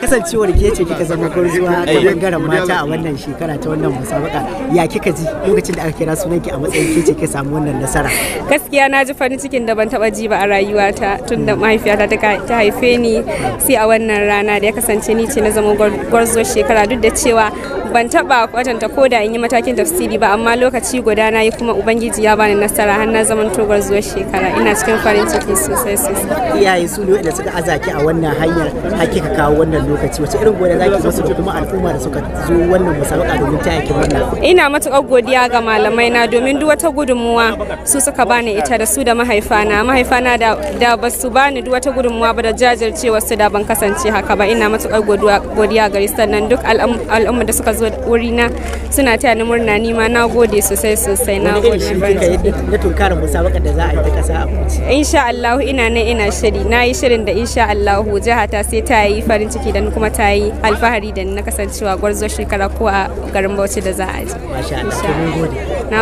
kasancewar ke ce kika zama gurzuwa ta eh. bangaren mata a wannan shekara ta wannan musabaka ya kika ji lokacin da aka kira ki a matsayin ke ce kika samu wannan nasara gaskiya na ji farin cikin da ban taba ji ba a rayuwata tun da mahaifiyata ta haife ni sai a wannan rana da ya kasance ni ce na zama gwarzuwar shekara duk da cewa ban taba kwatanta ko da in yi matakin tafsiri ba amma lokaci guda na yi kuma ubangiji ya bani nasara har na zaman tobar zuwa shekara ina cikin farin ciki sosai sosai iyaye su ne wanda suka azaki a wannan hanyar hakika kawo wannan lokaci wace irin gwada zaki musu da kuma al'umma da suka zo wannan musabaka domin ta yake wannan ina matukar godiya ga malamai na domin duk wata gudunmuwa su suka bani ita da su da mahaifana mahaifana da da basu bani duk wata gudunmuwa ba da jajircewa su da ban kasance haka ba ina matukar godiya gare sannan duk al'umma da suka zo wurina suna taya ni murna ni ma na gode sosai sosai na gode na tunkara musabakar da za a yi kasa a insha Allah ina nan ina shiri na yi shirin da insha Allah jiha ta sai ta yi farin ciki dan kuma ta yi alfahari da na kasancewa gwarzo shekara ko a garin Bauchi da za a je masha Allah mun